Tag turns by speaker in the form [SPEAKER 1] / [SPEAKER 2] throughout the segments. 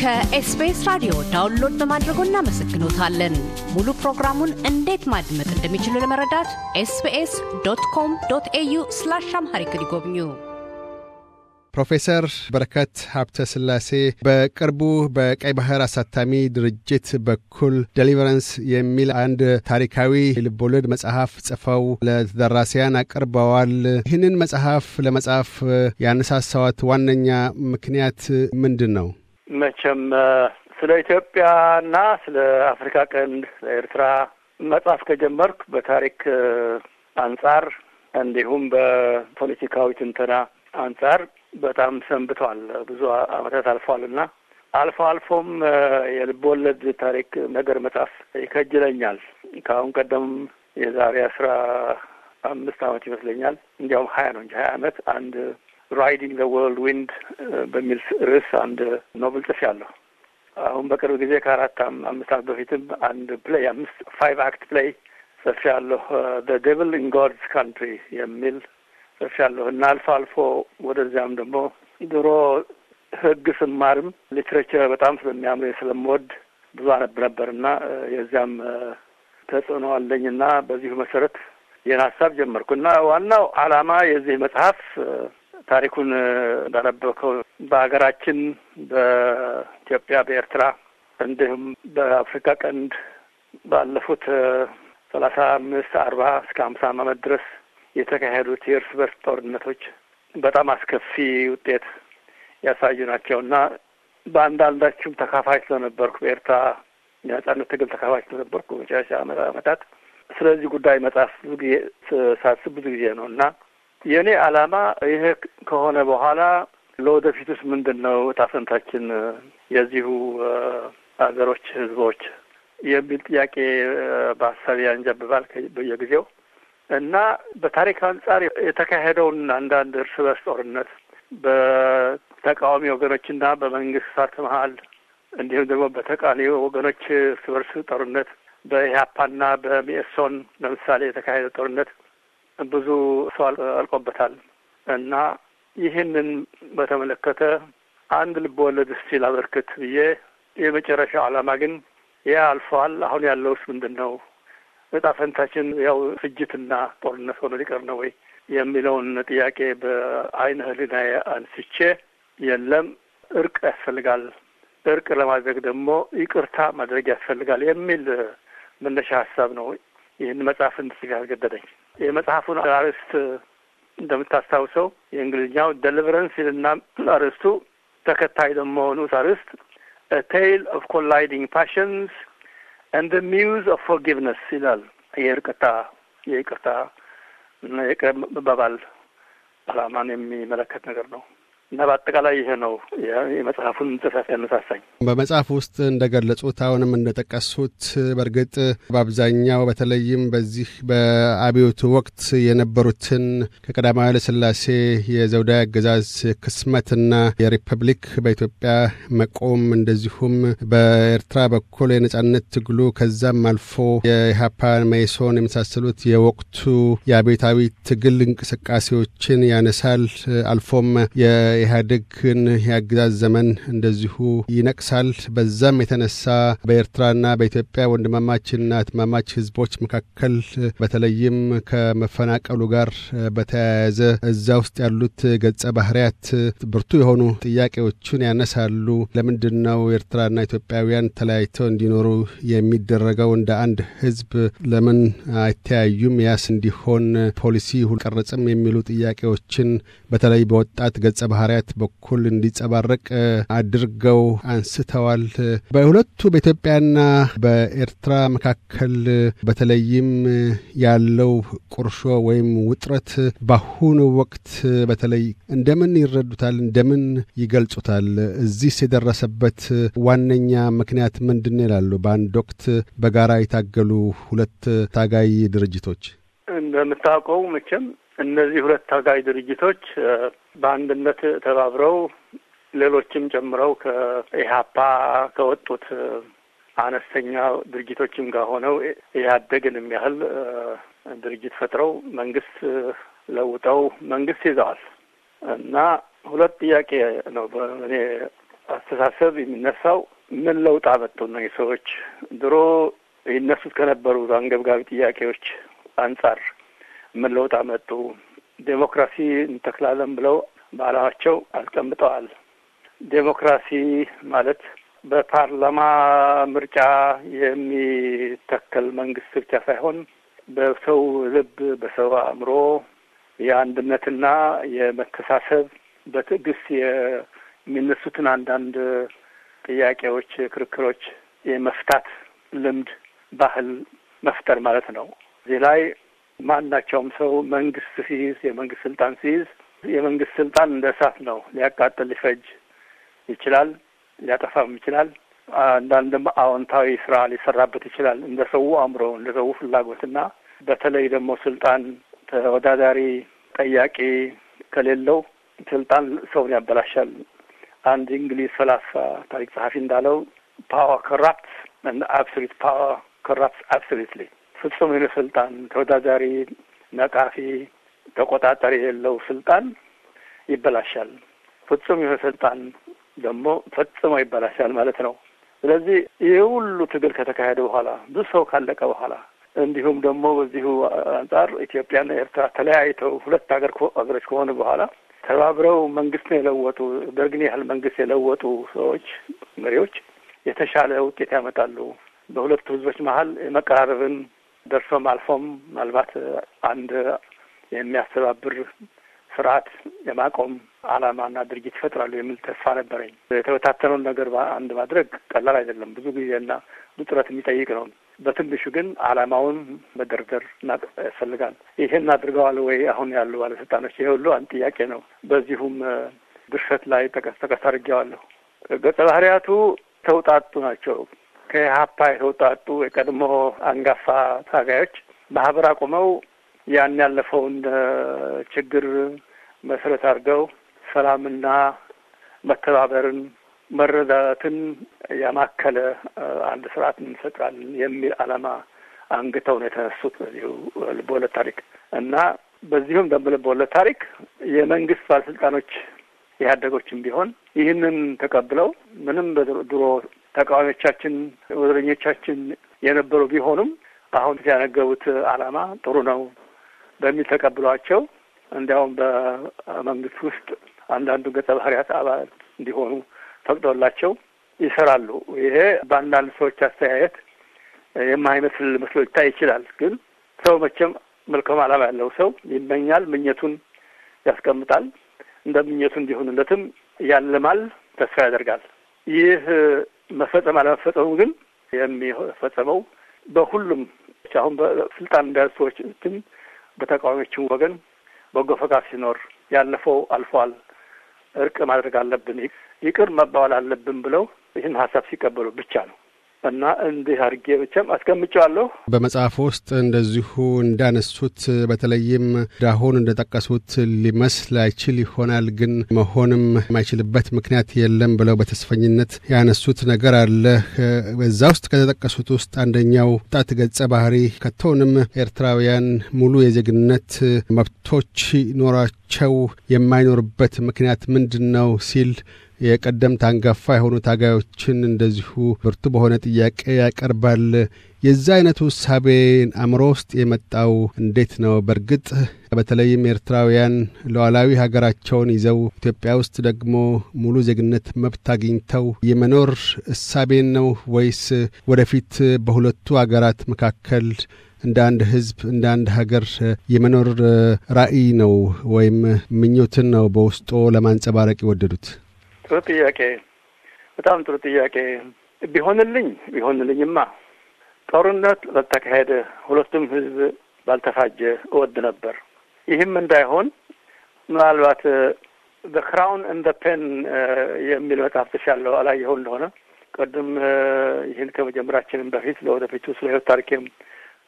[SPEAKER 1] ከኤስቢኤስ ራዲዮ ዳውንሎድ በማድረጎ እናመሰግኖታለን። ሙሉ ፕሮግራሙን እንዴት ማድመጥ እንደሚችሉ ለመረዳት ኤስቢኤስ ዶት ኮም ዶት ኤዩ ስላሽ አምሃሪክ ይጎብኙ። ፕሮፌሰር በረከት ሀብተ ስላሴ በቅርቡ በቀይ ባህር አሳታሚ ድርጅት በኩል ዴሊቨረንስ የሚል አንድ ታሪካዊ ልቦለድ መጽሐፍ ጽፈው ለተደራሲያን አቅርበዋል። ይህንን መጽሐፍ ለመጻፍ ያነሳሳዋት ዋነኛ ምክንያት ምንድን ነው?
[SPEAKER 2] መቼም ስለ ኢትዮጵያና ስለ አፍሪካ ቀንድ ኤርትራ መጽሐፍ ከጀመርኩ በታሪክ አንጻር እንዲሁም በፖለቲካዊ ትንተና አንጻር በጣም ሰንብቷል። ብዙ አመታት አልፏልና አልፎ አልፎም የልብ ወለድ ታሪክ ነገር መጽሐፍ ይከጅለኛል። ከአሁን ቀደም የዛሬ አስራ አምስት አመት ይመስለኛል እንዲያውም ሀያ ነው እንጂ ሀያ አመት አንድ ራይዲንግ ዘ ወርልድ ዊንድ በሚል ርዕስ አንድ ኖብል ጽፍ ያለሁ አሁን በቅርብ ጊዜ ከአራት አምስት ዓመት በፊትም አንድ ፕሌይ አምስት ፋይቭ አክት ፕሌይ ጽፌ አለሁ። ዘ ዴቪል ኢን ጎድስ ካንትሪ የሚል ጽፌ አለሁ እና አልፎ አልፎ ወደዚያም ደግሞ ድሮ ህግ ስማርም ሊትሬቸር በጣም ስለሚያምር ስለምወድ ብዙ አነብ ነበር እና የዚያም ተጽዕኖ አለኝ እና በዚሁ መሰረት ይህን ሀሳብ ጀመርኩ እና ዋናው ዓላማ የዚህ መጽሐፍ ታሪኩን እንዳነበብከው በሀገራችን በኢትዮጵያ፣ በኤርትራ እንዲሁም በአፍሪካ ቀንድ ባለፉት ሰላሳ አምስት አርባ እስከ ሀምሳ ዓመት ድረስ የተካሄዱት የእርስ በርስ ጦርነቶች በጣም አስከፊ ውጤት ያሳዩ ናቸው እና በአንዳንዳችሁም ተካፋይ ስለነበርኩ በኤርትራ የነጻነት ትግል ተካፋይ ስለነበርኩ መጨረሻ ዓመታት ስለዚህ ጉዳይ መጽሐፍ ብዙ ጊዜ ሳስብ ብዙ ጊዜ ነው እና የእኔ ዓላማ ይሄ ከሆነ በኋላ ለወደፊቱስ ምንድን ነው ታፈንታችን የዚሁ አገሮች ህዝቦች የሚል ጥያቄ በሀሳብ ያንጀብባል በየጊዜው እና በታሪክ አንጻር የተካሄደውን አንዳንድ እርስ በርስ ጦርነት በተቃዋሚ ወገኖችና በመንግስታት መሀል እንዲሁም ደግሞ በተቃዋሚ ወገኖች እርስ በርስ ጦርነት በኢህአፓና በሚኤሶን ለምሳሌ የተካሄደ ጦርነት ብዙ ሰው አልቆበታል እና ይህንን በተመለከተ አንድ ልብ ወለድ እስቲ ላበርክት ብዬ የመጨረሻ ዓላማ ግን ያ አልፈዋል። አሁን ያለውስ ምንድን ነው? እጣ ፈንታችን ያው ፍጅትና ጦርነት ሆኖ ሊቀር ነው ወይ የሚለውን ጥያቄ በአይነ ህሊና አንስቼ የለም እርቅ ያስፈልጋል፣ እርቅ ለማድረግ ደግሞ ይቅርታ ማድረግ ያስፈልጋል የሚል መነሻ ሀሳብ ነው ይህን መጽሐፍ እንድጽፍ ያስገደደኝ። የመጽሐፉን አርዕስት እንደምታስታውሰው የእንግሊዝኛው ደሊቨረንስ ይልና አርዕስቱ ተከታይ ደግሞ ንዑስ አርዕስት ቴይል ኦፍ ኮላይዲንግ ፓሽንስ ኤንድ ሚውዝ ኦፍ ፎርጊቭነስ ይላል። የእርቅታ የይቅርታ እና የቅርብ መባባል አላማን የሚመለከት ነገር ነው። እና በአጠቃላይ ይሄ ነው የመጽሐፉን ጽፈት ያነሳሳኝ።
[SPEAKER 1] በመጽሐፍ ውስጥ እንደገለጹት አሁንም እንደጠቀሱት በእርግጥ በአብዛኛው በተለይም በዚህ በአብዮቱ ወቅት የነበሩትን ከቀዳማዊ ኃይለ ሥላሴ የዘውዳዊ አገዛዝ ክስመትና የሪፐብሊክ በኢትዮጵያ መቆም እንደዚሁም በኤርትራ በኩል የነጻነት ትግሉ ከዛም አልፎ የኢሃፓ መኢሶን የመሳሰሉት የወቅቱ የአብዮታዊ ትግል እንቅስቃሴዎችን ያነሳል አልፎም የኢህአዴግን የአገዛዝ ዘመን እንደዚሁ ይነቅሳል። በዛም የተነሳ በኤርትራና በኢትዮጵያ ወንድማማችና እህትማማች ህዝቦች መካከል በተለይም ከመፈናቀሉ ጋር በተያያዘ እዛ ውስጥ ያሉት ገጸ ባህሪያት ብርቱ የሆኑ ጥያቄዎችን ያነሳሉ። ለምንድን ነው ኤርትራና ኢትዮጵያውያን ተለያይተው እንዲኖሩ የሚደረገው? እንደ አንድ ህዝብ ለምን አይተያዩም? ያስ እንዲሆን ፖሊሲ ሁቀረጽም የሚሉ ጥያቄዎችን በተለይ በወጣት ገጸ ባህርያት በኩል እንዲጸባረቅ አድርገው አንስተዋል። በሁለቱ በኢትዮጵያና በኤርትራ መካከል በተለይም ያለው ቁርሾ ወይም ውጥረት በአሁኑ ወቅት በተለይ እንደምን ይረዱታል? እንደምን ይገልጹታል? እዚህስ የደረሰበት ዋነኛ ምክንያት ምንድን ይላሉ? በአንድ ወቅት በጋራ የታገሉ ሁለት ታጋይ ድርጅቶች
[SPEAKER 2] እንደምታውቀው መቼም እነዚህ ሁለት ታጋይ ድርጅቶች በአንድነት ተባብረው ሌሎችም ጨምረው ከኢህአፓ ከወጡት አነስተኛ ድርጅቶችም ጋር ሆነው ኢህአዴግንም የሚያህል ድርጅት ፈጥረው መንግስት ለውጠው መንግስት ይዘዋል እና ሁለት ጥያቄ ነው በእኔ አስተሳሰብ የሚነሳው ምን ለውጥ አመጡ እነዚህ ሰዎች ድሮ ይነሱት ከነበሩ አንገብጋቢ ጥያቄዎች አንጻር ምን ለውጥ አመጡ? ዴሞክራሲ እንተክላለን ብለው በዓላማቸው አስቀምጠዋል። ዴሞክራሲ ማለት በፓርላማ ምርጫ የሚተከል መንግስት ብቻ ሳይሆን በሰው ልብ፣ በሰው አእምሮ የአንድነትና የመተሳሰብ በትዕግስት የሚነሱትን አንዳንድ ጥያቄዎች፣ ክርክሮች የመፍታት ልምድ ባህል መፍጠር ማለት ነው። እዚህ ላይ ማናቸውም ሰው መንግስት ሲይዝ የመንግስት ስልጣን ሲይዝ የመንግስት ስልጣን እንደ እሳት ነው። ሊያቃጥል ሊፈጅ ይችላል፣ ሊያጠፋም ይችላል። አንዳንድም አዎንታዊ ስራ ሊሰራበት ይችላል እንደ ሰው አእምሮ፣ እንደ ሰው ፍላጎትና በተለይ ደግሞ ስልጣን ተወዳዳሪ ጠያቂ ከሌለው ስልጣን ሰውን ያበላሻል። አንድ እንግሊዝ ፈላስፋ ታሪክ ጸሐፊ እንዳለው ፓወር ኮራፕት አብሶሉት ፓወር ኮራፕት አብሶሉትሊ ፍጹም የሆነ ስልጣን ተወዳዳሪ፣ ነቃፊ፣ ተቆጣጠሪ የሌለው ስልጣን ይበላሻል። ፍጹም የሆነ ስልጣን ደግሞ ፈጽሞ ይበላሻል ማለት ነው። ስለዚህ ይህ ሁሉ ትግል ከተካሄደ በኋላ ብዙ ሰው ካለቀ በኋላ እንዲሁም ደግሞ በዚሁ አንጻር ኢትዮጵያና ኤርትራ ተለያይተው ሁለት ሀገር ሀገሮች ከሆኑ በኋላ ተባብረው መንግስትን የለወጡ ደርግን ያህል መንግስት የለወጡ ሰዎች መሪዎች የተሻለ ውጤት ያመጣሉ። በሁለቱ ህዝቦች መሀል የመቀራረብን ደርሶም አልፎም ምናልባት አንድ የሚያስተባብር ስርዓት የማቆም አላማና ድርጊት ይፈጥራሉ የሚል ተስፋ ነበረኝ። የተበታተነውን ነገር አንድ ማድረግ ቀላል አይደለም። ብዙ ጊዜና ብዙ ጥረት የሚጠይቅ ነው። በትንሹ ግን አላማውን መደርደር ያስፈልጋል። ይሄን አድርገዋል ወይ አሁን ያሉ ባለስልጣኖች? ይሄ ሁሉ አንድ ጥያቄ ነው። በዚሁም ድርሰት ላይ ጠቀስ ጠቀስ አድርጌዋለሁ። ገጸ ባህሪያቱ ተውጣጡ ናቸው። ከሀፓ የተውጣጡ የቀድሞ አንጋፋ ታጋዮች ማህበር አቁመው ያን ያለፈውን ችግር መሰረት አድርገው ሰላምና መተባበርን መረዳትን ያማከለ አንድ ስርዓት እንፈጥራለን የሚል አላማ አንግተው ነው የተነሱት በዚሁ ልቦለድ ታሪክ እና በዚሁም ደንብ ልቦለድ ታሪክ የመንግስት ባለስልጣኖች ኢህአዴጎችም ቢሆን ይህንን ተቀብለው ምንም በድሮ ተቃዋሚዎቻችን፣ ወዘረኞቻችን የነበሩ ቢሆኑም በአሁን ያነገቡት አላማ ጥሩ ነው በሚል ተቀብሏቸው እንዲያውም በመንግስት ውስጥ አንዳንዱ ገጸ ባህርያት አባል እንዲሆኑ ፈቅዶላቸው ይሰራሉ። ይሄ በአንዳንድ ሰዎች አስተያየት የማይመስል መስሎ ሊታይ ይችላል። ግን ሰው መቼም መልካም ዓላማ ያለው ሰው ይመኛል፣ ምኘቱን ያስቀምጣል። እንደ ምኘቱ እንዲሆንለትም ያልማል፣ ተስፋ ያደርጋል። ይህ መፈጸም አለመፈጸሙ ግን የሚፈጸመው በሁሉም አሁን በስልጣን እንዳያዙ ሰዎችም በተቃዋሚዎችን ወገን በጎ ፈቃድ ሲኖር ያለፈው አልፏል፣ እርቅ ማድረግ አለብን፣ ይቅር መባባል አለብን ብለው ይህን ሀሳብ ሲቀበሉ ብቻ ነው። እና እንዲህ አድርጌ ብቻም አስቀምጨዋለሁ።
[SPEAKER 1] በመጽሐፍ ውስጥ እንደዚሁ እንዳነሱት በተለይም ዳሆን እንደጠቀሱት ሊመስል አይችል ይሆናል ግን መሆንም የማይችልበት ምክንያት የለም ብለው በተስፈኝነት ያነሱት ነገር አለ። በዛ ውስጥ ከተጠቀሱት ውስጥ አንደኛው ጣት ገጸ ባህሪ ከቶንም ኤርትራውያን ሙሉ የዜግነት መብቶች ኖራቸው የማይኖርበት ምክንያት ምንድን ነው ሲል የቀደምት አንጋፋ የሆኑ ታጋዮችን እንደዚሁ ብርቱ በሆነ ጥያቄ ያቀርባል። የዛ አይነቱ እሳቤን አእምሮ ውስጥ የመጣው እንዴት ነው? በእርግጥ በተለይም ኤርትራውያን ሉዓላዊ ሀገራቸውን ይዘው ኢትዮጵያ ውስጥ ደግሞ ሙሉ ዜግነት መብት አግኝተው የመኖር እሳቤን ነው ወይስ ወደፊት በሁለቱ ሀገራት መካከል እንደ አንድ ህዝብ እንደ አንድ ሀገር የመኖር ራዕይ ነው ወይም ምኞትን ነው በውስጦ ለማንጸባረቅ የወደዱት?
[SPEAKER 2] ጥሩ ጥያቄ፣ በጣም ጥሩ ጥያቄ። ቢሆንልኝ ቢሆንልኝማ ጦርነት በተካሄደ ሁለቱም ህዝብ ባልተፋጀ እወድ ነበር። ይህም እንዳይሆን ምናልባት ዘ ክራውን እንደ ፔን የሚል መጽሐፍ ተሻለው አላየኸው እንደሆነ ቅድም ይህን ከመጀመራችንም በፊት ለወደፊቱ ስለ ህይወት ታሪኬም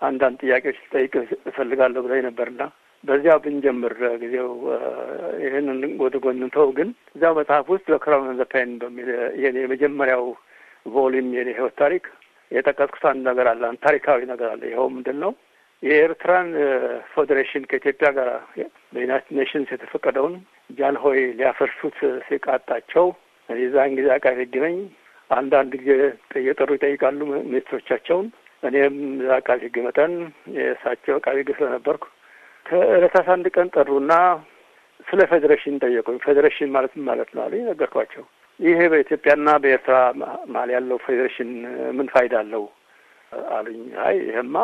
[SPEAKER 2] አንዳንድ ጥያቄዎች ልጠይቅ እፈልጋለሁ ብለህ ነበርና በዚያ ብንጀምር ጊዜው ይህንን ወደ ጎን ተው ግን እዚያው መጽሐፍ ውስጥ በክራውን ዘፓይን በሚል የመጀመሪያው ቮሊም የኔ ህይወት ታሪክ የጠቀስኩት አንድ ነገር አለ። ታሪካዊ ነገር አለ። ይኸው ምንድን ነው? የኤርትራን ፌዴሬሽን ከኢትዮጵያ ጋር በዩናይትድ ኔሽንስ የተፈቀደውን ጃንሆይ ሊያፈርሱት ሲቃጣቸው የዛን ጊዜ አቃቤ ሕግ ነኝ። አንዳንድ ጊዜ እየጠሩ ይጠይቃሉ ሚኒስትሮቻቸውን። እኔም አቃቤ ህግ መጠን የእሳቸው አቃቤ ህግ ስለነበርኩ ከእለታት አንድ ቀን ጠሩና ስለ ፌዴሬሽን ጠየቁኝ። ፌዴሬሽን ማለት ማለት ነው አሉ። ነገርኳቸው። ይሄ በኢትዮጵያና በኤርትራ መሀል ያለው ፌዴሬሽን ምን ፋይዳ አለው አሉኝ። አይ ይህማ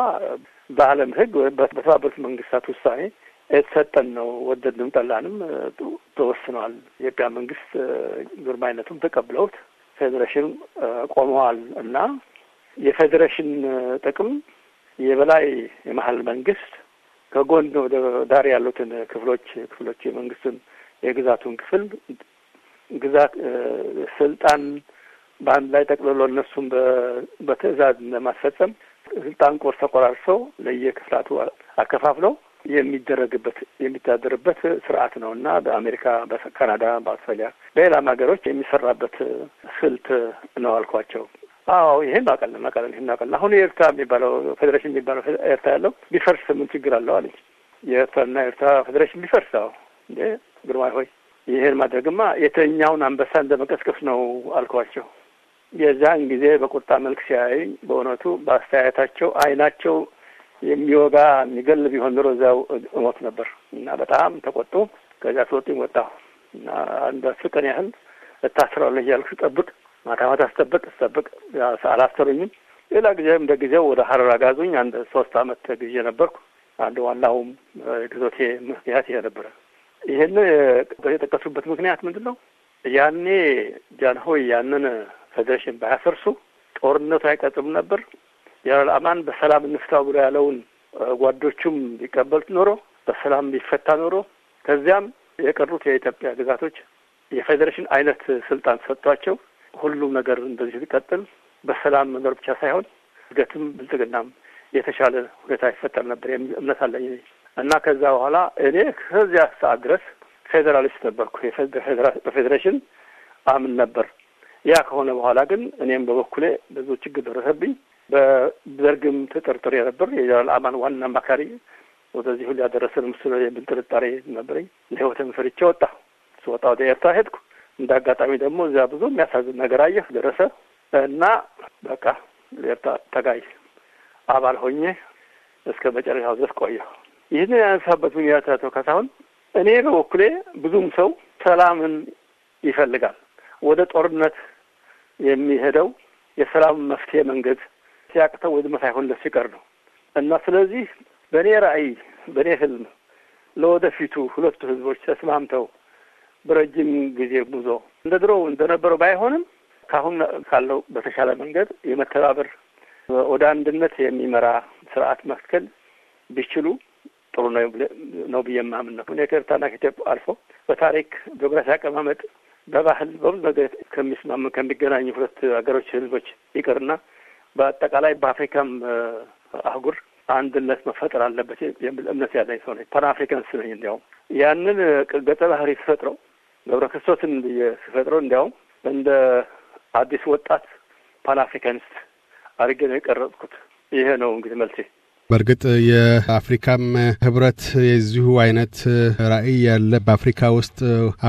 [SPEAKER 2] በዓለም ህግ በተባበሩት መንግስታት ውሳኔ የተሰጠን ነው። ወደድንም ጠላንም ተወስኗል። የኢትዮጵያ መንግስት ግርማይነቱም ተቀብለውት ፌዴሬሽን ቆመዋል እና የፌዴሬሽን ጥቅም የበላይ የመሀል መንግስት ከጎን ወደ ዳር ያሉትን ክፍሎች ክፍሎች የመንግስትን የግዛቱን ክፍል ግዛት ስልጣን በአንድ ላይ ጠቅልሎ እነሱም በትዕዛዝ ለማስፈጸም ስልጣን ቆርስ ተቆራርሰው ለየክፍላቱ አከፋፍለው የሚደረግበት የሚታደርበት ስርዓት ነው እና በአሜሪካ፣ በካናዳ፣ በአውስትራሊያ በሌላም ሀገሮች የሚሰራበት ስልት ነው አልኳቸው። አዎ ይሄን አውቃለሁ አውቃለሁ ይሄን አውቃለሁ። አሁን የኤርትራ የሚባለው ፌዴሬሽን የሚባለው ኤርትራ ያለው ቢፈርስ ምን ችግር አለው አለች። የኤርትራና ኤርትራ ፌዴሬሽን ቢፈርስ፣ አዎ እንዴ ግርማይ ሆይ ይሄን ማድረግማ የተኛውን አንበሳ እንደመቀስቀስ ነው አልኳቸው። የዛን ጊዜ በቁጣ መልክ ሲያዩኝ፣ በእውነቱ በአስተያየታቸው አይናቸው የሚወጋ የሚገል ቢሆን ኖሮ እዛው እሞት ነበር እና በጣም ተቆጡ። ከዚያ ስወጡኝ ወጣሁ እና አንድ አስር ቀን ያህል እታስራለሁ እያልኩ ስጠብቅ ማታ ማታ ስጠብቅ ስጠብቅ አላሰሩኝም። ሌላ ጊዜ እንደ ጊዜው ወደ ሀረር አጋዙኝ። አንድ ሶስት አመት ተግዤ ነበርኩ። አንድ ዋናውም ግዞቴ ምክንያት ይሄ ነበረ። ይህን የጠቀሱበት ምክንያት ምንድን ነው? ያኔ ጃንሆይ ያንን ፌዴሬሽን ባያፈርሱ ጦርነቱ አይቀጥም ነበር። ጀነራል በሰላም እንፍታው ብሎ ያለውን ጓዶቹም ቢቀበሉት ኖሮ በሰላም ቢፈታ ኖሮ ከዚያም የቀሩት የኢትዮጵያ ግዛቶች የፌዴሬሽን አይነት ስልጣን ሰጥቷቸው ሁሉም ነገር እንደዚህ ሲቀጥል በሰላም መኖር ብቻ ሳይሆን እድገትም ብልጽግናም የተሻለ ሁኔታ ይፈጠር ነበር የሚል እምነት አለኝ እና ከዛ በኋላ እኔ ከዚያ ሰዓት ድረስ ፌዴራሊስት ነበርኩ። በፌዴሬሽን አምን ነበር። ያ ከሆነ በኋላ ግን እኔም በበኩሌ ብዙ ችግር ደረሰብኝ። በደርግም ተጠርጥሬ ነበር። የጀነራል አማን ዋና አማካሪ ወደዚሁ ሊያደረሰን ምስሉ የሚል ጥርጣሬ ነበረኝ። ለሕይወቴም ፈርቼ ወጣ ስወጣ ወደ ኤርትራ ሄድኩ። እንደ አጋጣሚ ደግሞ እዚያ ብዙ የሚያሳዝን ነገር አየህ ደረሰ እና በቃ ኤርትራ ተጋይ አባል ሆኜ እስከ መጨረሻው ድረስ ቆየሁ። ይህንን ያነሳበት ምክንያት አቶ ካሳሁን፣ እኔ በበኩሌ ብዙም ሰው ሰላምን ይፈልጋል። ወደ ጦርነት የሚሄደው የሰላም መፍትሄ መንገድ ሲያቅተው ወይ ድማ ሳይሆንለት ይቀር ነው እና ስለዚህ በእኔ ራዕይ፣ በእኔ ህልም ለወደፊቱ ሁለቱ ህዝቦች ተስማምተው በረጅም ጊዜ ጉዞ እንደ ድሮው እንደነበረው ባይሆንም ከአሁን ካለው በተሻለ መንገድ የመተባበር ወደ አንድነት የሚመራ ስርዓት መትከል ቢችሉ ጥሩ ነው ብዬ ማምን ነው። ሁኔ ከኤርትራና ከኢትዮጵያ አልፎ በታሪክ ጂኦግራፊ አቀማመጥ፣ በባህል በብዙ ነገር ከሚስማሙ ከሚገናኙ ሁለት ሀገሮች ህዝቦች ይቅርና በአጠቃላይ በአፍሪካም አህጉር አንድነት መፈጠር አለበት የሚል እምነት ያለኝ ሰው ነኝ። ፓን አፍሪካንስ ነኝ። እንዲያውም ያንን ገጸ ባህሪ ተፈጥረው ገብረ ክርስቶስን ብዬ ስፈጥረው እንዲያውም እንደ አዲስ ወጣት ፓን አፍሪካኒስት አድርጌ ነው የቀረጽኩት። ይሄ ነው እንግዲህ መልሴ።
[SPEAKER 1] በእርግጥ የአፍሪካም ህብረት የዚሁ አይነት ራዕይ ያለ በአፍሪካ ውስጥ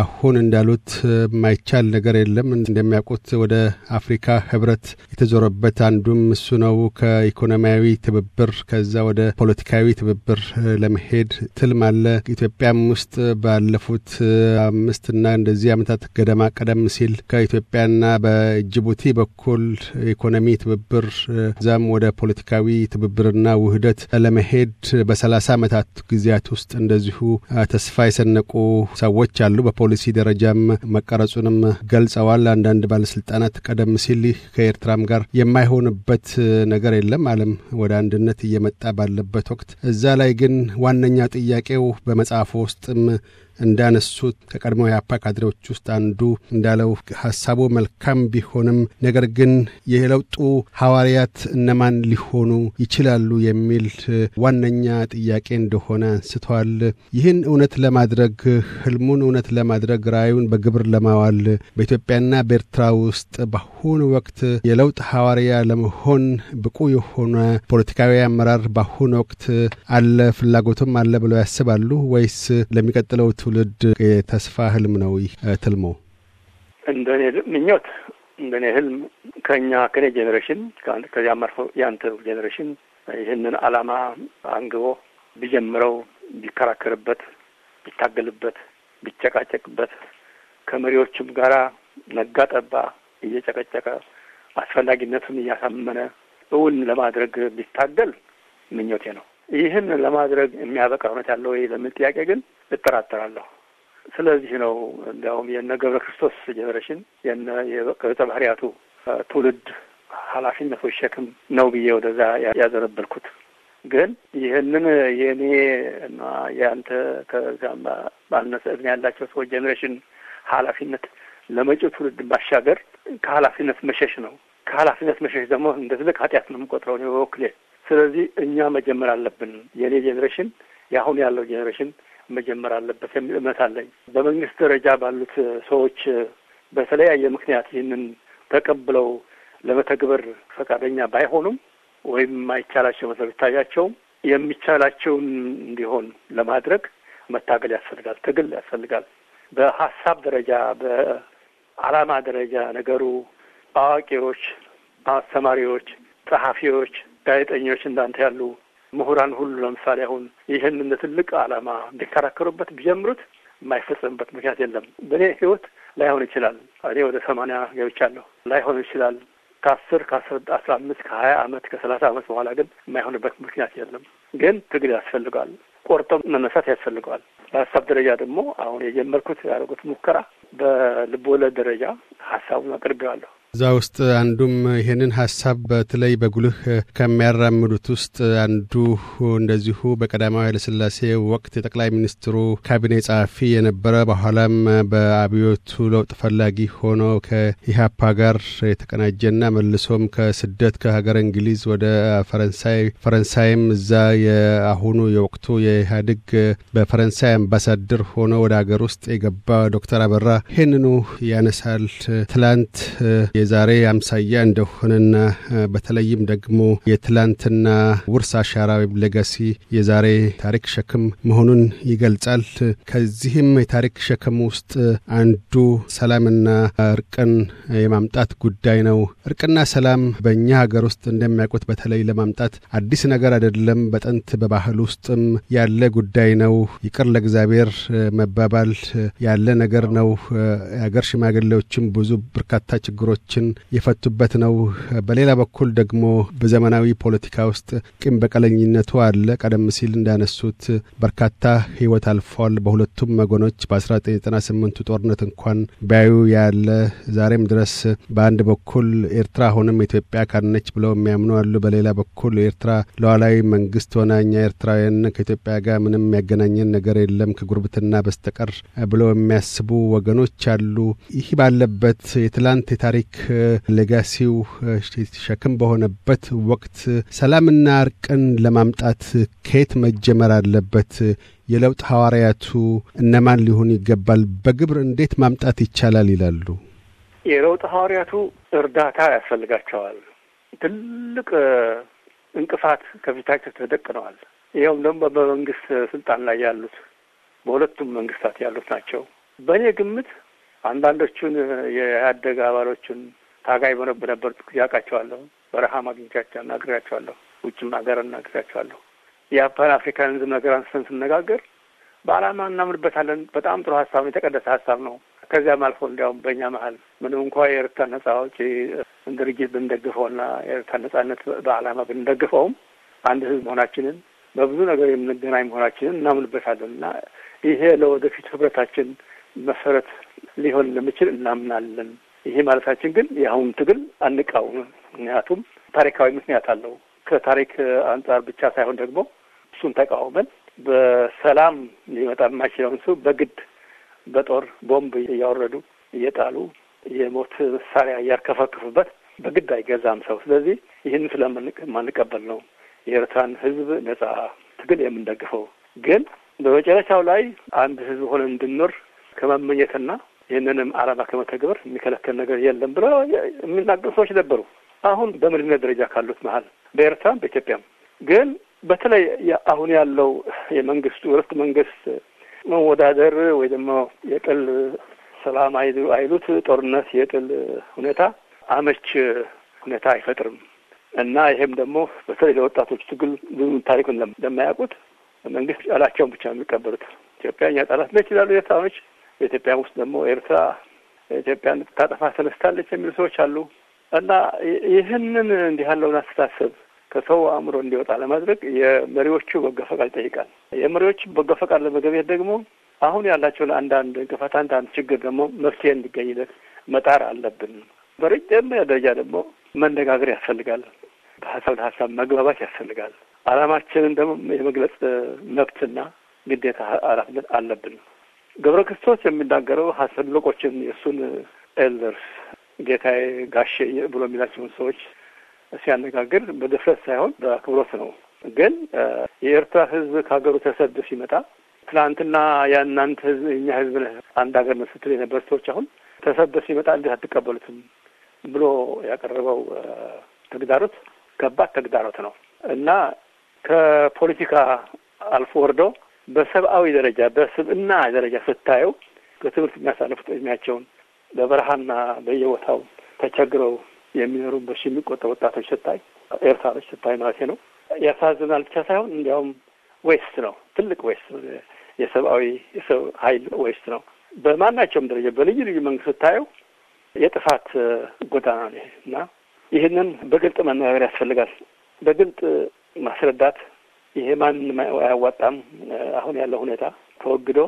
[SPEAKER 1] አሁን እንዳሉት የማይቻል ነገር የለም። እንደሚያውቁት ወደ አፍሪካ ህብረት የተዞረበት አንዱም እሱ ነው። ከኢኮኖሚያዊ ትብብር ከዛ ወደ ፖለቲካዊ ትብብር ለመሄድ ትልም አለ። ኢትዮጵያም ውስጥ ባለፉት አምስትና እንደዚህ ዓመታት ገደማ ቀደም ሲል ከኢትዮጵያና በጅቡቲ በኩል ኢኮኖሚ ትብብር ዛም ወደ ፖለቲካዊ ትብብርና ውህደት ሂደት ለመሄድ በሰላሳ ዓመታት ጊዜያት ውስጥ እንደዚሁ ተስፋ የሰነቁ ሰዎች አሉ። በፖሊሲ ደረጃም መቀረጹንም ገልጸዋል። አንዳንድ ባለስልጣናት ቀደም ሲል ይህ ከኤርትራም ጋር የማይሆንበት ነገር የለም፣ ዓለም ወደ አንድነት እየመጣ ባለበት ወቅት እዛ ላይ ግን ዋነኛ ጥያቄው በመጽሐፉ ውስጥም እንዳነሱት ከቀድሞ የአፓ ካድሬዎች ውስጥ አንዱ እንዳለው ሀሳቡ መልካም ቢሆንም ነገር ግን የለውጡ ሐዋርያት እነማን ሊሆኑ ይችላሉ የሚል ዋነኛ ጥያቄ እንደሆነ አንስተዋል። ይህን እውነት ለማድረግ ህልሙን እውነት ለማድረግ ራእዩን በግብር ለማዋል በኢትዮጵያና በኤርትራ ውስጥ በአሁኑ ወቅት የለውጥ ሐዋርያ ለመሆን ብቁ የሆነ ፖለቲካዊ አመራር በአሁኑ ወቅት አለ፣ ፍላጎቱም አለ ብለው ያስባሉ ወይስ ለሚቀጥለው ትውልድ የተስፋ ህልም ነው። ይህ ትልሞ
[SPEAKER 2] እንደኔ ምኞት እንደኔ ህልም ከኛ ከኔ ጄኔሬሽን ከዚያም አልፎ የአንተ ጄኔሬሽን ይህንን አላማ አንግቦ ቢጀምረው፣ ቢከራከርበት፣ ቢታገልበት፣ ቢጨቃጨቅበት ከመሪዎቹም ጋር ነጋ ጠባ እየጨቀጨቀ አስፈላጊነቱን እያሳመነ እውን ለማድረግ ቢታገል ምኞቴ ነው። ይህን ለማድረግ የሚያበቃ እውነት ያለው ወይ ለምን ጥያቄ ግን እጠራጠራለሁ። ስለዚህ ነው እንዲያውም የነ ገብረ ክርስቶስ ጀኔሬሽን የነ የገጸ ባህርያቱ ትውልድ ኃላፊነቶች ሸክም ነው ብዬ ወደዛ ያዘነበልኩት። ግን ይህንን የእኔ እና የአንተ ከዛም ባነሰ እድሜ ያላቸው ሰዎች ጀኔሬሽን ኃላፊነት ለመጪው ትውልድ ባሻገር ከኃላፊነት መሸሽ ነው። ከኃላፊነት መሸሽ ደግሞ እንደ ትልቅ ኃጢአት ነው የምቆጥረው እኔ በበኩሌ ስለዚህ እኛ መጀመር አለብን። የእኔ ጄኔሬሽን የአሁን ያለው ጄኔሬሽን መጀመር አለበት የሚል እምነት አለኝ። በመንግስት ደረጃ ባሉት ሰዎች በተለያየ ምክንያት ይህንን ተቀብለው ለመተግበር ፈቃደኛ ባይሆኑም ወይም የማይቻላቸው መስሎ ቢታያቸውም የሚቻላቸውን እንዲሆን ለማድረግ መታገል ያስፈልጋል። ትግል ያስፈልጋል። በሀሳብ ደረጃ በዓላማ ደረጃ ነገሩ አዋቂዎች፣ አስተማሪዎች፣ ጸሐፊዎች ጋዜጠኞች እንዳንተ ያሉ ምሁራን ሁሉ ለምሳሌ አሁን ይህን እንደ ትልቅ ዓላማ እንዲከራከሩበት ቢጀምሩት የማይፈጸምበት ምክንያት የለም። በእኔ ህይወት ላይሆን ይችላል። እኔ ወደ ሰማንያ ገብቻለሁ። ላይሆን ይችላል ከአስር ከአስር አስራ አምስት ከሀያ አመት ከሰላሳ አመት በኋላ ግን የማይሆንበት ምክንያት የለም። ግን ትግል ያስፈልገዋል። ቆርጦ መነሳት ያስፈልገዋል። በሀሳብ ደረጃ ደግሞ አሁን የጀመርኩት ያደረጉት ሙከራ በልቦለድ ደረጃ ሀሳቡን አቅርቤዋለሁ።
[SPEAKER 1] እዛ ውስጥ አንዱም ይህንን ሀሳብ በተለይ በጉልህ ከሚያራምዱት ውስጥ አንዱ እንደዚሁ በቀዳማዊ ኃይለስላሴ ወቅት የጠቅላይ ሚኒስትሩ ካቢኔ ጸሐፊ የነበረ በኋላም በአብዮቱ ለውጥ ፈላጊ ሆኖ ከኢህአፓ ጋር የተቀናጀና መልሶም ከስደት ከሀገር እንግሊዝ ወደ ፈረንሳይ ፈረንሳይም እዛ የአሁኑ የወቅቱ የኢህአዴግ በፈረንሳይ አምባሳደር ሆኖ ወደ ሀገር ውስጥ የገባ ዶክተር አበራ ይህንኑ ያነሳል። ትላንት የዛሬ አምሳያ እንደሆነና በተለይም ደግሞ የትላንትና ውርስ አሻራ ወይም ሌጋሲ የዛሬ ታሪክ ሸክም መሆኑን ይገልጻል። ከዚህም የታሪክ ሸክም ውስጥ አንዱ ሰላምና እርቅን የማምጣት ጉዳይ ነው። እርቅና ሰላም በእኛ ሀገር ውስጥ እንደሚያውቁት በተለይ ለማምጣት አዲስ ነገር አይደለም። በጥንት በባህል ውስጥም ያለ ጉዳይ ነው። ይቅር ለእግዚአብሔር መባባል ያለ ነገር ነው። የሀገር ሽማግሌዎችም ብዙ በርካታ ችግሮች ችግሮችን የፈቱበት ነው። በሌላ በኩል ደግሞ በዘመናዊ ፖለቲካ ውስጥ ቂም በቀለኝነቱ አለ። ቀደም ሲል እንዳነሱት በርካታ ህይወት አልፏል በሁለቱም ወገኖች። በ1998ቱ ጦርነት እንኳን ቢያዩ ያለ ዛሬም ድረስ በአንድ በኩል ኤርትራ አሁንም ኢትዮጵያ ካነች ብለው የሚያምኑ አሉ። በሌላ በኩል ኤርትራ ሉዓላዊ መንግስት ሆና እኛ ኤርትራውያን ከኢትዮጵያ ጋር ምንም የሚያገናኘን ነገር የለም ከጉርብትና በስተቀር ብለው የሚያስቡ ወገኖች አሉ። ይህ ባለበት የትላንት የታሪክ ሌጋሲው ሸክም በሆነበት ወቅት ሰላምና እርቅን ለማምጣት ከየት መጀመር አለበት? የለውጥ ሐዋርያቱ እነማን ሊሆን ይገባል? በግብር እንዴት ማምጣት ይቻላል ይላሉ።
[SPEAKER 2] የለውጥ ሐዋርያቱ እርዳታ ያስፈልጋቸዋል። ትልቅ እንቅፋት ከፊታቸው ተደቅነዋል። ይኸውም ደግሞ በመንግስት ስልጣን ላይ ያሉት በሁለቱም መንግስታት ያሉት ናቸው። በእኔ ግምት አንዳንዶቹን የኢህአዴግ አባሎቹን ታጋይ በነበር ነበር ያውቃቸዋለሁ። በረሃ ማግኘቻቸው እናግሬያቸዋለሁ። ውጭም ሀገር እናግሬያቸዋለሁ። የፓን አፍሪካኒዝም ነገር አንስተን ስነጋገር በዓላማ እናምንበታለን። በጣም ጥሩ ሀሳብ ነው። የተቀደሰ ሀሳብ ነው። ከዚያም አልፎ እንዲያውም በእኛ መሀል ምንም እንኳ የኤርትራ ነጻ አውጪ ድርጅት ብንደግፈውና የኤርትራ ነጻነት በዓላማ ብንደግፈውም አንድ ህዝብ መሆናችንን በብዙ ነገር የምንገናኝ መሆናችንን እናምንበታለን እና ይሄ ለወደፊት ህብረታችን መሰረት ሊሆን እንደሚችል እናምናለን። ይሄ ማለታችን ግን የአሁኑ ትግል አንቃውም። ምክንያቱም ታሪካዊ ምክንያት አለው። ከታሪክ አንጻር ብቻ ሳይሆን ደግሞ እሱን ተቃውመን በሰላም ሊመጣ የማይችለውን ሰው በግድ በጦር ቦምብ እያወረዱ እየጣሉ የሞት መሳሪያ እያርከፈክፉበት በግድ አይገዛም ሰው። ስለዚህ ይህን ስለማንቀበል ነው የኤርትራን ሕዝብ ነጻ ትግል የምንደግፈው። ግን በመጨረሻው ላይ አንድ ሕዝብ ሆነ እንድንኖር ከመመኘትና ይህንንም ዓላማ ከመተግበር የሚከለከል ነገር የለም ብለው የሚናገሩ ሰዎች ነበሩ። አሁን በምድነት ደረጃ ካሉት መሀል በኤርትራም በኢትዮጵያም ግን በተለይ አሁን ያለው የመንግስቱ ሁለት መንግስት መወዳደር ወይ ደግሞ የጥል ሰላም አይሉት ጦርነት የጥል ሁኔታ አመች ሁኔታ አይፈጥርም እና ይሄም ደግሞ በተለይ ለወጣቶች ትግል ታሪኩን ለማያውቁት መንግስት ቃላቸውን ብቻ የሚቀበሉት ኢትዮጵያ እኛ ጠላት ነች ይላሉ። የታመች በኢትዮጵያ ውስጥ ደግሞ ኤርትራ ኢትዮጵያን ልታጠፋ ተነስታለች የሚሉ ሰዎች አሉ እና ይህንን እንዲህ ያለውን አስተሳሰብ ከሰው አእምሮ እንዲወጣ ለማድረግ የመሪዎቹ በጎ ፈቃድ ይጠይቃል። የመሪዎቹ በጎ ፈቃድ ለመገቤት ደግሞ አሁን ያላቸውን አንዳንድ እንቅፋት፣ አንዳንድ ችግር ደግሞ መፍትሄ እንዲገኝለት መጣር አለብን። በመጀመሪያ ደረጃ ደግሞ መነጋገር ያስፈልጋል። በሀሳብ ለሀሳብ መግባባት ያስፈልጋል። አላማችንን ደግሞ የመግለጽ መብትና ግዴታ ኃላፊነት አለብን። ገብረ ክርስቶስ የሚናገረው ሀሰሎቆችን የእሱን ኤልደርስ ጌታዬ ጋሼ ብሎ የሚላቸውን ሰዎች ሲያነጋግር በድፍረት ሳይሆን በአክብሮት ነው። ግን የኤርትራ ህዝብ ከሀገሩ ተሰዶ ሲመጣ ትናንትና የእናንተ ህዝብ እኛ ህዝብ ነህ አንድ ሀገር ነው ስትል የነበር ሰዎች አሁን ተሰዶ ሲመጣ እንዴት አትቀበሉትም ብሎ ያቀረበው ተግዳሮት ከባድ ተግዳሮት ነው እና ከፖለቲካ አልፎ ወርዶ በሰብአዊ ደረጃ በስብና ደረጃ ስታየው በትምህርት የሚያሳልፉት እድሜያቸውን በበረሃና በየቦታው ተቸግረው የሚኖሩ በሺ የሚቆጠሩ ወጣቶች ስታይ ኤርትራኖች ስታይ ማለት ነው ያሳዝናል ብቻ ሳይሆን እንዲያውም ዌስት ነው፣ ትልቅ ዌስት ነው። የሰብአዊ የሰው ኃይል ዌስት ነው። በማናቸውም ደረጃ በልዩ ልዩ መንግስት ስታየው የጥፋት ጎዳና ነው እና ይህንን በግልጥ መነጋገር ያስፈልጋል። በግልጥ ማስረዳት ይሄ ማንም አያዋጣም። አሁን ያለው ሁኔታ ተወግዶ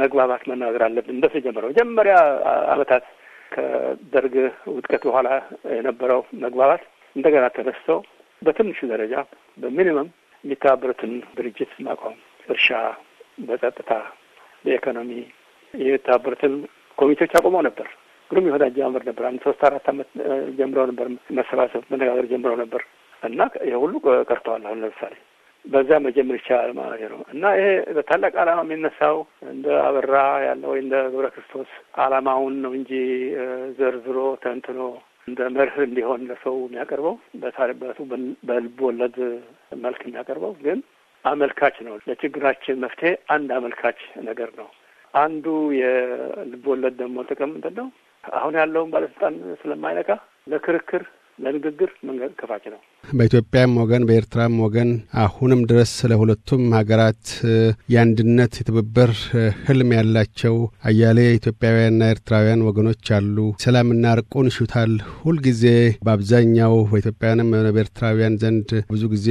[SPEAKER 2] መግባባት መናገር አለብን። በተጀመረው መጀመሪያ አመታት ከደርግ ውጥቀት በኋላ የነበረው መግባባት እንደገና ተነስቶ በትንሹ ደረጃ በሚኒመም የሚተባበሩትን ድርጅት ማቋም፣ እርሻ፣ በጸጥታ፣ በኢኮኖሚ የሚተባበሩትን ኮሚቴዎች አቁመው ነበር። ግሩም የሆነ አጀማመር ነበር። አንድ ሶስት አራት ዓመት ጀምረው ነበር መሰባሰብ መነጋገር ጀምረው ነበር እና ይህ ሁሉ ቀርተዋል። አሁን ለምሳሌ በዛ መጀመር ይቻላል ማለት ነው እና ይሄ በታላቅ ዓላማ የሚነሳው እንደ አበራ ያለ ወይ እንደ ግብረ ክርስቶስ ዓላማውን ነው እንጂ ዘርዝሮ ተንትኖ እንደ መርህ እንዲሆን ለሰው የሚያቀርበው በታሪበቱ በልብ ወለድ መልክ የሚያቀርበው ግን አመልካች ነው። ለችግራችን መፍትሄ አንድ አመልካች ነገር ነው። አንዱ የልብ ወለድ ደግሞ ጥቅም ምንድን ነው? አሁን ያለውን ባለስልጣን ስለማይነካ ለክርክር ለንግግር መንገድ ከፋች ነው።
[SPEAKER 1] በኢትዮጵያም ወገን በኤርትራም ወገን አሁንም ድረስ ለሁለቱም ሀገራት የአንድነት የትብብር ህልም ያላቸው አያሌ ኢትዮጵያውያንና ኤርትራውያን ወገኖች አሉ። ሰላምና እርቁን ይሹታል። ሁልጊዜ በአብዛኛው በኢትዮጵያውያንም በኤርትራውያን ዘንድ ብዙ ጊዜ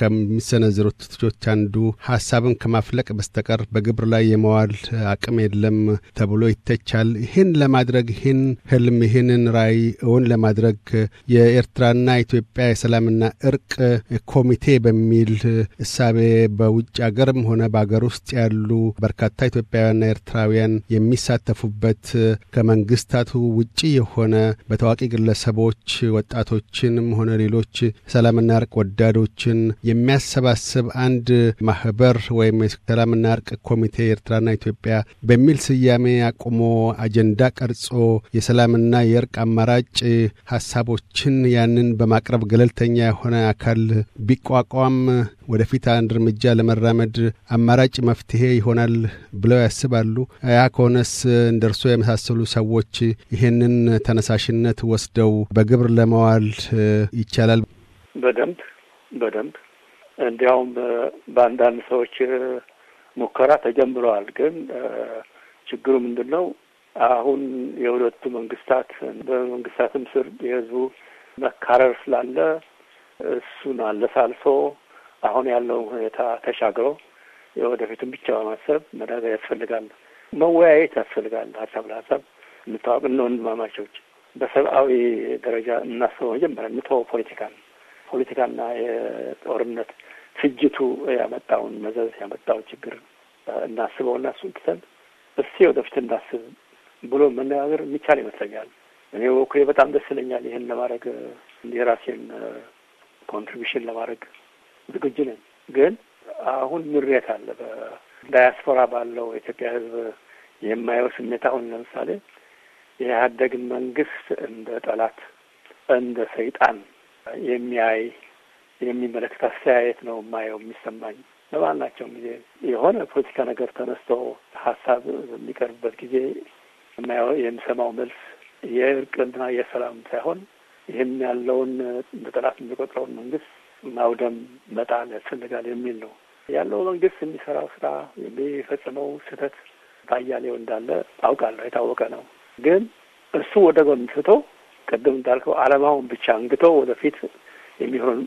[SPEAKER 1] ከሚሰነዝሩት ትችቶች አንዱ ሀሳብን ከማፍለቅ በስተቀር በግብር ላይ የመዋል አቅም የለም ተብሎ ይተቻል። ይህን ለማድረግ ይህን ህልም ይህንን ራዕይ እውን ለማድረግ የኤርትራና ኢትዮጵያ የሰላም ሰላምና እርቅ ኮሚቴ በሚል እሳቤ በውጭ ሀገርም ሆነ በሀገር ውስጥ ያሉ በርካታ ኢትዮጵያውያንና ኤርትራውያን የሚሳተፉበት ከመንግስታቱ ውጭ የሆነ በታዋቂ ግለሰቦች ወጣቶችንም ሆነ ሌሎች ሰላምና እርቅ ወዳዶችን የሚያሰባስብ አንድ ማህበር ወይም ሰላምና እርቅ ኮሚቴ ኤርትራና ኢትዮጵያ በሚል ስያሜ አቁሞ አጀንዳ ቀርጾ የሰላምና የእርቅ አማራጭ ሀሳቦችን ያንን በማቅረብ ገለልተ ገለልተኛ የሆነ አካል ቢቋቋም ወደፊት አንድ እርምጃ ለመራመድ አማራጭ መፍትሄ ይሆናል ብለው ያስባሉ? ያ ከሆነስ እንደ እርሶ የመሳሰሉ ሰዎች ይሄንን ተነሳሽነት ወስደው በግብር ለመዋል ይቻላል?
[SPEAKER 2] በደንብ በደንብ እንዲያውም በአንዳንድ ሰዎች ሙከራ ተጀምረዋል። ግን ችግሩ ምንድን ነው? አሁን የሁለቱ መንግስታት በመንግስታትም ስር የህዝቡ መካረር ስላለ እሱን አለሳልሶ አሁን ያለውን ሁኔታ ተሻግሮ የወደፊቱን ብቻ በማሰብ መዳገር ያስፈልጋል። መወያየት ያስፈልጋል። ሀሳብ ለሀሳብ እንተዋወቅ እነ ወንድማማቾች በሰብአዊ ደረጃ እናስበው። መጀመሪያ እንተወው ፖለቲካን ፖለቲካና የጦርነት ፍጅቱ ያመጣውን መዘዝ ያመጣውን ችግር እናስበው እና እሱን ትተን እስቲ ወደፊት እናስብ ብሎ መነጋገር የሚቻል ይመስለኛል። እኔ በኩሌ በጣም ደስ ይለኛል ይህን ለማድረግ የራሴን ኮንትሪቢሽን ለማድረግ ዝግጁ ነኝ። ግን አሁን ምሬት አለ። በዳያስፖራ ባለው የኢትዮጵያ ሕዝብ የማየው ስሜት አሁን ለምሳሌ የኢህአዴግን መንግስት እንደ ጠላት እንደ ሰይጣን የሚያይ የሚመለከት አስተያየት ነው የማየው የሚሰማኝ። በማናቸውም ጊዜ የሆነ ፖለቲካ ነገር ተነስቶ ሀሳብ በሚቀርብበት ጊዜ የምሰማው መልስ የእርቅና የሰላም ሳይሆን ይህም ያለውን በጠላት የሚቆጥረውን መንግስት ማውደም መጣል ያስፈልጋል የሚል ነው ያለው። መንግስት የሚሰራው ስራ የሚፈጽመው ስህተት ባያሌው እንዳለ አውቃለሁ፣ የታወቀ ነው። ግን እሱ ወደ ጎን ስቶ ቅድም እንዳልከው አለማውን ብቻ እንግቶ ወደፊት የሚሆን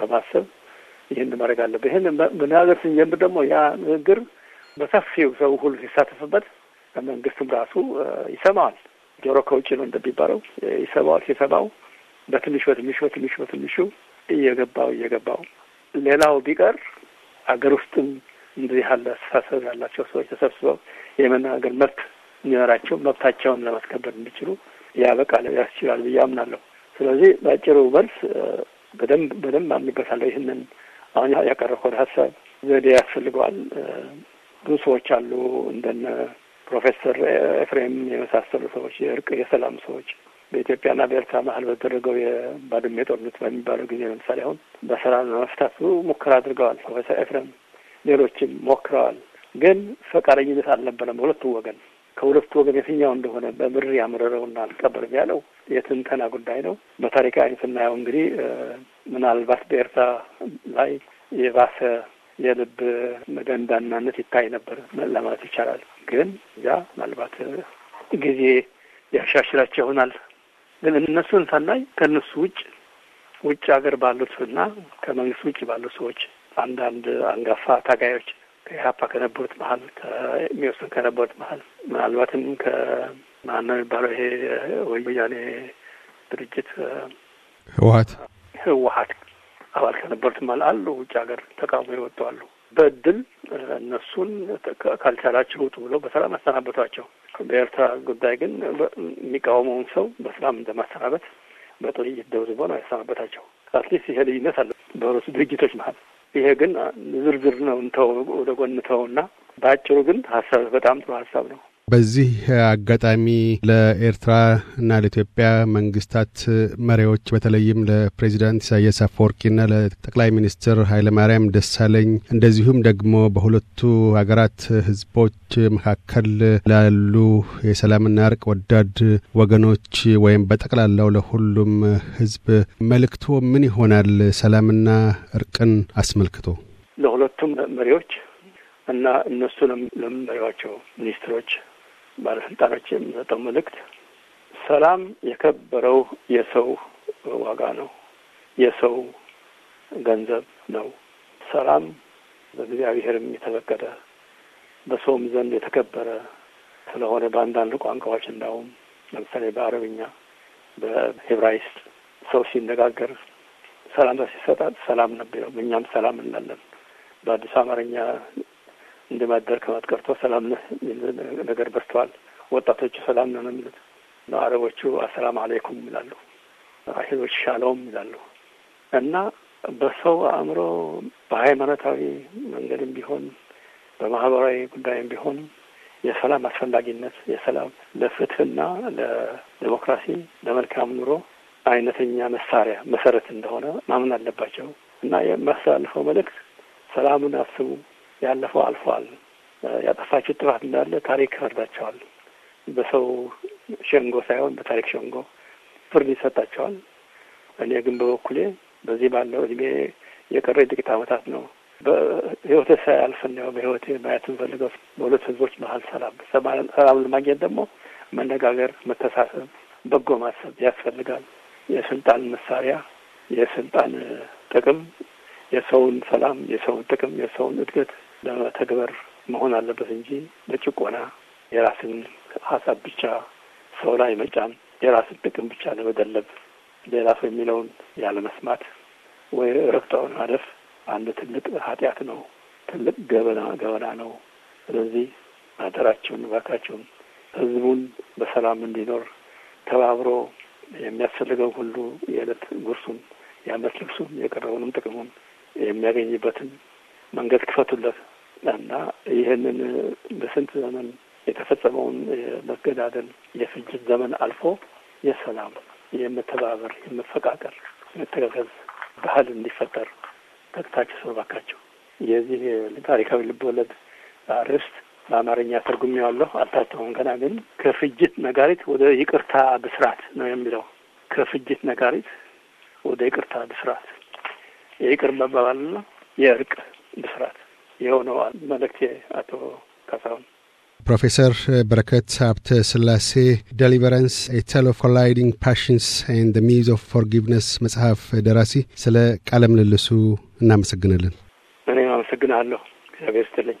[SPEAKER 2] በማሰብ ይህን ማድረግ አለብህ። ይህን መናገር ስንጀምር ደግሞ ያ ንግግር በሰፊው ሰው ሁሉ ሲሳተፍበት መንግስቱም ራሱ ይሰማዋል። ጆሮ ከውጭ ነው እንደሚባለው ይሰማዋል። ሲሰባው በትንሽ በትንሽ በትንሽ በትንሹ እየገባው እየገባው ሌላው ቢቀር አገር ውስጥም እንደዚህ ያለ አስተሳሰብ ያላቸው ሰዎች ተሰብስበው የመናገር መብት እንዲኖራቸው መብታቸውን ለማስከበር እንዲችሉ ያበቃል፣ ያስችላል ብዬ አምናለሁ። ስለዚህ በአጭሩ መልስ በደንብ በደንብ አምንበታለሁ። ይህንን አሁን ያቀረብከውን ሀሳብ ዘዴ ያስፈልገዋል። ብዙ ሰዎች አሉ እንደነ ፕሮፌሰር ኤፍሬም የመሳሰሉ ሰዎች የእርቅ የሰላም ሰዎች በኢትዮጵያና በኤርትራ መሀል በተደረገው የባድሜ ጦርነት በሚባለው ጊዜ ለምሳሌ አሁን በሰላም ለመፍታት ሙከራ አድርገዋል። ፕሮፌሰር ኤፍሬም ሌሎችም ሞክረዋል። ግን ፈቃደኝነት አልነበረም በሁለቱ ወገን ከሁለቱ ወገን የትኛው እንደሆነ በምድር ያመረረውና አልቀበልም ያለው የትንተና ጉዳይ ነው። በታሪክ አይን ስናየው እንግዲህ ምናልባት በኤርትራ ላይ የባሰ የልብ መደንዳናነት ይታይ ነበር ለማለት ይቻላል። ግን ያ ምናልባት ጊዜ ያሻሽላቸው ይሆናል። ግን እነሱን ሳናይ ከእነሱ ውጭ ውጭ ሀገር ባሉትና ከመንግስት ውጭ ባሉ ሰዎች አንዳንድ አንጋፋ ታጋዮች ከኢህአፓ ከነበሩት መሀል ከሚወስን ከነበሩት መሀል ምናልባትም ከማነው የሚባለው ይሄ ወያኔ ድርጅት ህወሀት ህወሀት አባል ከነበሩት መሀል አሉ። ውጭ ሀገር ተቃውሞ ይወጡ አሉ። በእድል እነሱን ካልቻላቸው ውጡ ብለው በሰላም አሰናበቷቸው። በኤርትራ ጉዳይ ግን የሚቃወመውን ሰው በሰላም እንደማሰናበት በጥይት ደብድቦ ነው ያሰናበታቸው። አትሊስት ይሄ ልዩነት አለ በሁለቱ ድርጅቶች መሀል። ይሄ ግን ዝርዝር ነው እንተው ወደ ጎን ተውና፣ በአጭሩ ግን ሀሳብ በጣም ጥሩ ሀሳብ ነው።
[SPEAKER 1] በዚህ አጋጣሚ ለኤርትራ እና ለኢትዮጵያ መንግስታት መሪዎች በተለይም ለፕሬዚዳንት ኢሳያስ እና ለጠቅላይ ሚኒስትር ኃይለማርያም ደሳለኝ እንደዚሁም ደግሞ በሁለቱ ሀገራት ህዝቦች መካከል ላሉ የሰላምና እርቅ ወዳድ ወገኖች ወይም በጠቅላላው ለሁሉም ህዝብ መልእክቶ ምን ይሆናል? ሰላምና እርቅን አስመልክቶ
[SPEAKER 2] ለሁለቱም መሪዎች እና እነሱ ለሚመሪዋቸው ሚኒስትሮች ባለስልጣኖች የምሰጠው መልእክት ሰላም የከበረው የሰው ዋጋ ነው፣ የሰው ገንዘብ ነው። ሰላም በእግዚአብሔርም የተፈቀደ በሰውም ዘንድ የተከበረ ስለሆነ በአንዳንድ ቋንቋዎች እንዳውም ለምሳሌ በአረብኛ፣ በሄብራይስ ሰው ሲነጋገር ሰላምታ ሲሰጣት ሰላም ነው የሚለው። እኛም ሰላም እንላለን። በአዲስ አማርኛ እንደ ማደር ከማት ቀርቶ ሰላም ነህ ነገር በዝተዋል። ወጣቶቹ ሰላም ነው ነው የሚሉት። አረቦቹ አሰላም አለይኩም ይላሉ፣ አሂዶች ሻለውም ይላሉ። እና በሰው አእምሮ በሃይማኖታዊ መንገድም ቢሆን በማህበራዊ ጉዳይም ቢሆን የሰላም አስፈላጊነት የሰላም ለፍትህና ለዲሞክራሲ ለመልካም ኑሮ አይነተኛ መሳሪያ መሰረት እንደሆነ ማመን አለባቸው እና የማስተላልፈው መልእክት ሰላምን አስቡ፣ ያለፈው አልፏል። ያጠፋችሁት ጥፋት እንዳለ ታሪክ ይፈርዳቸዋል። በሰው ሸንጎ ሳይሆን በታሪክ ሸንጎ ፍርድ ይሰጣቸዋል። እኔ ግን በበኩሌ በዚህ ባለው እድሜ የቀረ ጥቂት ዓመታት ነው። በህይወቴ ሳያልፍ ነው በህይወቴ ማየት ንፈልገው በሁለት ህዝቦች መሀል ሰላም ሰላም ለማግኘት ደግሞ መነጋገር፣ መተሳሰብ፣ በጎ ማሰብ ያስፈልጋል። የስልጣን መሳሪያ፣ የስልጣን ጥቅም የሰውን ሰላም፣ የሰውን ጥቅም፣ የሰውን እድገት ለመተግበር መሆን አለበት እንጂ በጭቆና የራስን ሀሳብ ብቻ ሰው ላይ መጫን፣ የራስን ጥቅም ብቻ ለመደለብ፣ ሌላ ሰው የሚለውን ያለመስማት ወይ ረግጣውን ማለፍ አንድ ትልቅ ኃጢአት ነው። ትልቅ ገበና ገበና ነው። ስለዚህ አደራቸውን እባካቸውን ህዝቡን በሰላም እንዲኖር ተባብሮ የሚያስፈልገው ሁሉ የዕለት ጉርሱን የአመት ልብሱን የቀረውንም ጥቅሙን የሚያገኝበትን መንገድ ክፈቱለት። እና ይህንን በስንት ዘመን የተፈጸመውን የመገዳደል የፍጅት ዘመን አልፎ የሰላም የመተባበር፣ የመፈቃቀር፣ የመተጋገዝ ባህል እንዲፈጠር ተግታችሁ ስሩ እባካችሁ። የዚህ ታሪካዊ ልብወለድ አርዕስት በአማርኛ ተርጉሜዋለሁ፣ አልታተመም ገና። ግን ከፍጅት ነጋሪት ወደ ይቅርታ ብስራት ነው የሚለው። ከፍጅት ነጋሪት ወደ ይቅርታ ብስራት፣ የይቅር መባባልና የእርቅ ብስራት የሆነው መልእክቴ አቶ ካሳሁን።
[SPEAKER 1] ፕሮፌሰር በረከት ሀብተ ስላሴ ደሊቨረንስ ቴል ኦፍ ኮላይዲንግ ፓሽንስ ኤንድ ሚዝ ኦፍ ፎርጊቭነስ መጽሐፍ ደራሲ፣ ስለ ቃለ ምልልሱ
[SPEAKER 2] እናመሰግናለን። እኔም አመሰግናለሁ። እግዚአብሔር ይስጥልኝ።